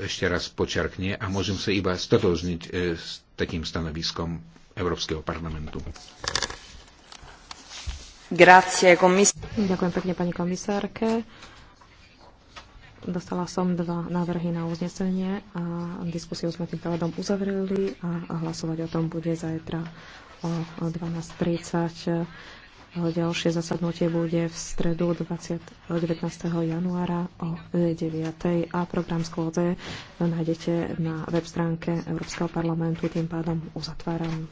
ešte raz počarkne a môžem sa iba stotožniť e, s takým stanoviskom Európskeho parlamentu. Grazie, komis- Ďakujem pekne pani komisárke. Dostala som dva návrhy na uznesenie a diskusiu sme tým pádom uzavreli a hlasovať o tom bude zajtra o 12.30. Ďalšie zasadnutie bude v stredu 20, 19. januára o 9. E, a program schôdze nájdete na web stránke Európskeho parlamentu. Tým pádom uzatváram